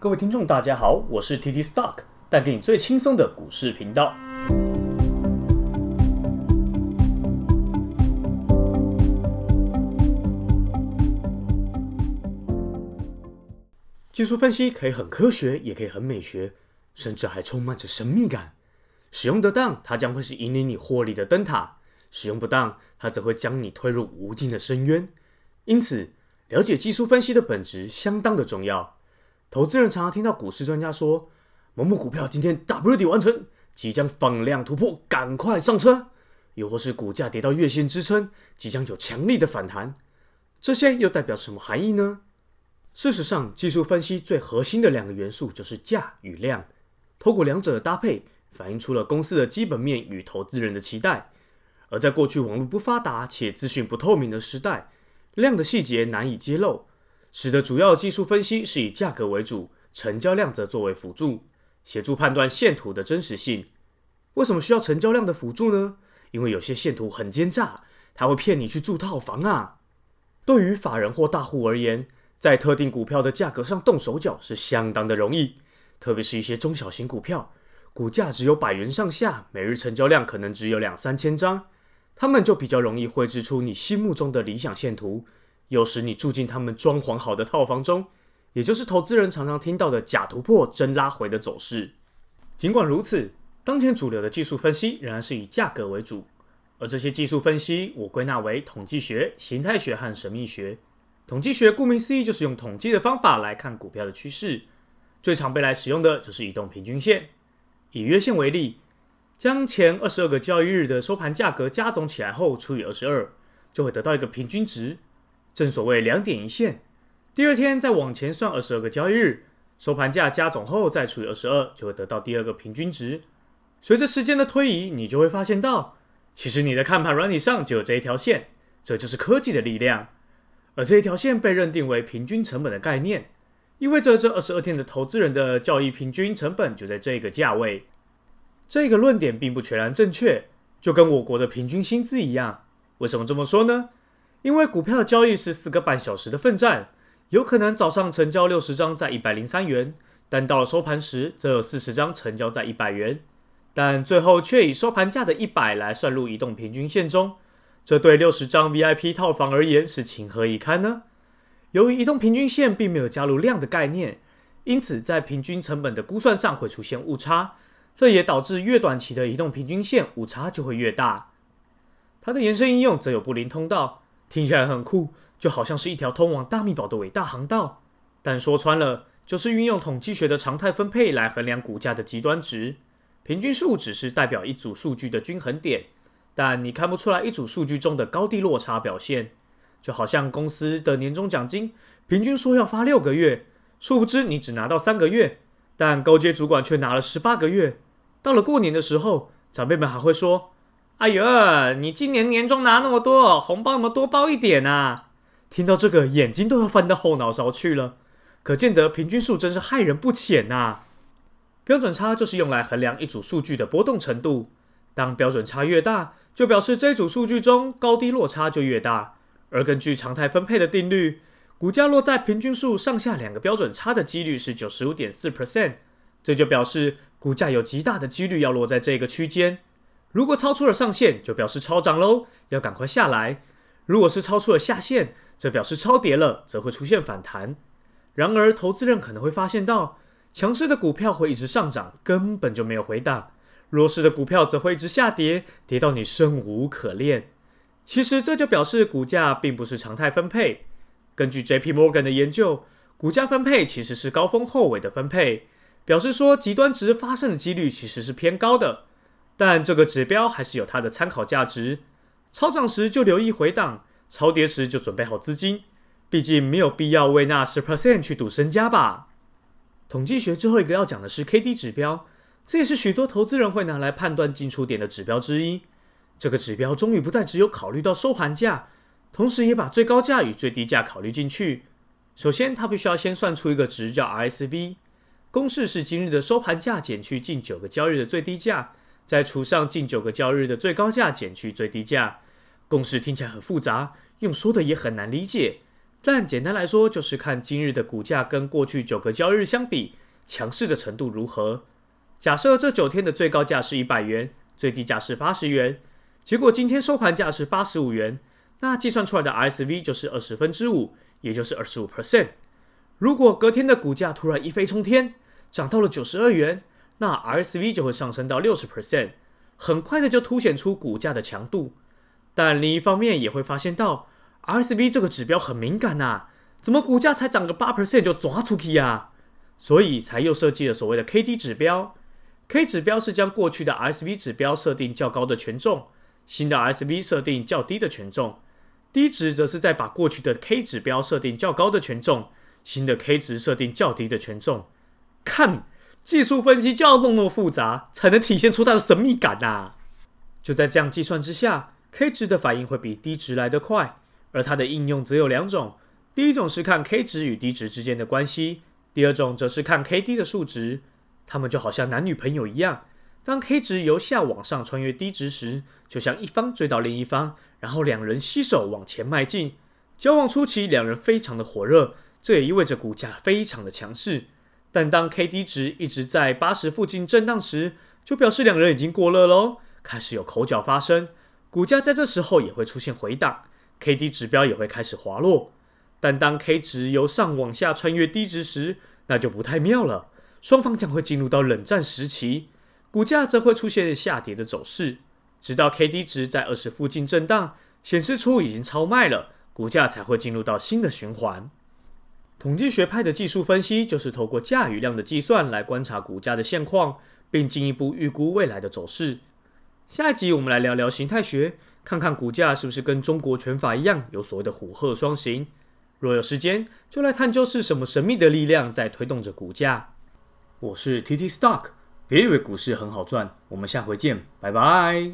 各位聽眾，大家好，我是 TT Stock，帶給你最輕鬆的股市頻道。技術分析可以很科學，也可以很美學，甚至還充滿着神祕感。使用得當，它將會是引領你獲利的燈塔；使用不當，它則會將你推入無盡的深淵。因此，了解技術分析的本質相當的重要。投資人常常聽到股市專家說，某某股票今天 W 底完成，即將放量突破，趕快上車；又或是股價跌到月線支撐，即將有強力的反彈。這些又代表什麼含義呢？事實上，技術分析最核心的兩個元素就是價與量，透過兩者的搭配，反映出了公司的基本面與投資人的期待。而在過去網絡不發達且資訊不透明的時代，量的細節難以揭露。使得主要技術分析是以價格為主，成交量則作為輔助，協助判斷線圖的真實性。為什麼需要成交量的輔助呢？因為有些線圖很奸詐，他會騙你去住套房啊！對於法人或大戶而言，在特定股票的價格上動手腳是相當的容易，特別是一些中小型股票，股價只有百元上下，每日成交量可能只有兩三千張，他們就比較容易繪製出你心目中的理想線圖。有時你住進他們裝潢好的套房中，也就是投資人常常聽到的“假突破，真拉回”的走勢。儘管如此，當前主流的技術分析仍然是以價格為主，而這些技術分析我歸納為統計學、形態學和神秘學。統計學顧名思義就是用統計的方法來看股票的趨勢，最常被來使用的就是移動平均線。以月線為例，將前二十二個交易日的收盤價格加總起來後除以二十二，就會得到一個平均值。正所謂兩點一線，第二天再往前算二十二個交易日收盤價加總後再除以二十二，就會得到第二個平均值。隨着時間的推移，你就會發現到，其實你的看盤軟體上就有這一條線，這就是科技的力量。而這一條線被認定為平均成本的概念，意味着這二十二天的投資人的交易平均成本就在這個價位。這個論點並不全然正確，就跟我國的平均薪資一樣。為什麼這麼說呢？因為股票的交易是四個半小時的奮戰，有可能早上成交六十張在一百零三元，但到了收盤時，則有四十張成交在一百元，但最後卻以收盤價的一百來算入移動平均線中，這對六十張 VIP 套房而言是情何以堪呢？由於移動平均線並沒有加入量的概念，因此在平均成本的估算上會出現誤差，這也導致越短期的移動平均線誤差就會越大。它的延伸應用則有布林通道。聽起來很酷，就好像是一條通往大秘寶的偉大航道。但說穿了，就是運用統計學的常態分配來衡量股價的極端值。平均數只是代表一組數據的均衡點，但你看不出來一組數據中的高低落差表現。就好像公司的年終獎金，平均說要發六個月，殊不知你只拿到三個月，但高階主管卻拿了十八個月。到了過年的時候，長輩們還會說。哎呦，你今年年終拿那麼多紅包，那麼多包一點啊。聽到這個，眼睛都要翻到後腦勺去了。可見得平均數真是害人不淺吶、啊。標準差就是用來衡量一組數據的波動程度。當標準差越大，就表示這一組數據中高低落差就越大。而根據常態分配的定律，股價落在平均數上下兩個標準差的幾率是九十五點四 percent，這就表示股價有極大的幾率要落在這個區間。如果超出了上限，就表示超漲嘍，要趕快下來；如果是超出了下限，則表示超跌了，則會出現反彈。然而，投資人可能會發現到，強勢的股票會一直上漲，根本就沒有回檔；弱勢的股票則會一直下跌，跌到你生無可戀。其實這就表示股價並不是常態分配。根據 JP Morgan 的研究，股價分配其實是高峰厚尾的分配，表示說極端值發生的幾率其實是偏高的。但這個指標還是有它的參考價值，超漲時就留意回檔，超跌時就準備好資金，畢竟沒有必要為那10%去賭身家吧。統計學最後一個要講的是 KD 指標，這也是許多投資人會拿來判斷進出點的指標之一。這個指標終於不再只有考慮到收盤價，同時也把最高價與最低價考慮進去。首先，它必須要先算出一個值叫 RSV，公式是今日的收盤價減去近九個交易日的最低價。再除上近九個交易日的最高價減去最低價，公式聽起來很複雜，用說的也很難理解。但簡單來說，就是看今日的股價跟過去九個交易日相比，強勢的程度如何。假設這九天的最高價是一百元，最低價是八十元，結果今天收盤價是八十五元，那計算出來的 RSV 就是二十分之五，也就是二十五 percent。如果隔天的股價突然一飛沖天，漲到了九十二元。那 RSV 就會上升到六十 percent，很快的就凸顯出股價的強度。但另一方面也會發現到，RSV 這個指標很敏感吶、啊，怎麼股價才漲個八 percent 就抓出去呀、啊？所以才又設計了所謂的 KD 指標。K 指標是將過去的 RSV 指標設定較高的權重，新的 RSV 設定較低的權重。D 值則是在把過去的 K 指標設定較高的權重，新的 K 值設定較低的權重。看。技術分析就要弄那麼複雜，才能體現出它的神秘感吶、啊。就在這樣計算之下，K 值的反應會比 D 值來得快，而它的應用只有兩種：第一種是看 K 值與 D 值之間的關係；第二種則是看 KD 的數值。它們就好像男女朋友一樣，當 K 值由下往上穿越 D 值時，就像一方追到另一方，然後兩人攜手往前邁進。交往初期，兩人非常的火熱，這也意味着股價非常的強勢。但當 K D 值一直在八十附近震盪時，就表示兩人已經過熱嘍，開始有口角發生，股價在這時候也會出現回檔，K D 指標也會開始滑落。但當 K 值由上往下穿越低值時，那就不太妙了，雙方將會進入到冷戰時期，股價則會出現下跌的走勢，直到 K D 值在二十附近震盪，顯示出已經超賣了，股價才會進入到新的循環。統計學派的技術分析就是透過價與量的計算來觀察股價的現況，並進一步預估未來的走勢。下一集我們來聊聊形態學，看看股價是不是跟中國拳法一樣有所謂的虎鶴雙形。若有時間，就來探究是什麼神祕的力量在推動着股價。我是 TT Stock，別以為股市很好賺，我們下回見，拜拜。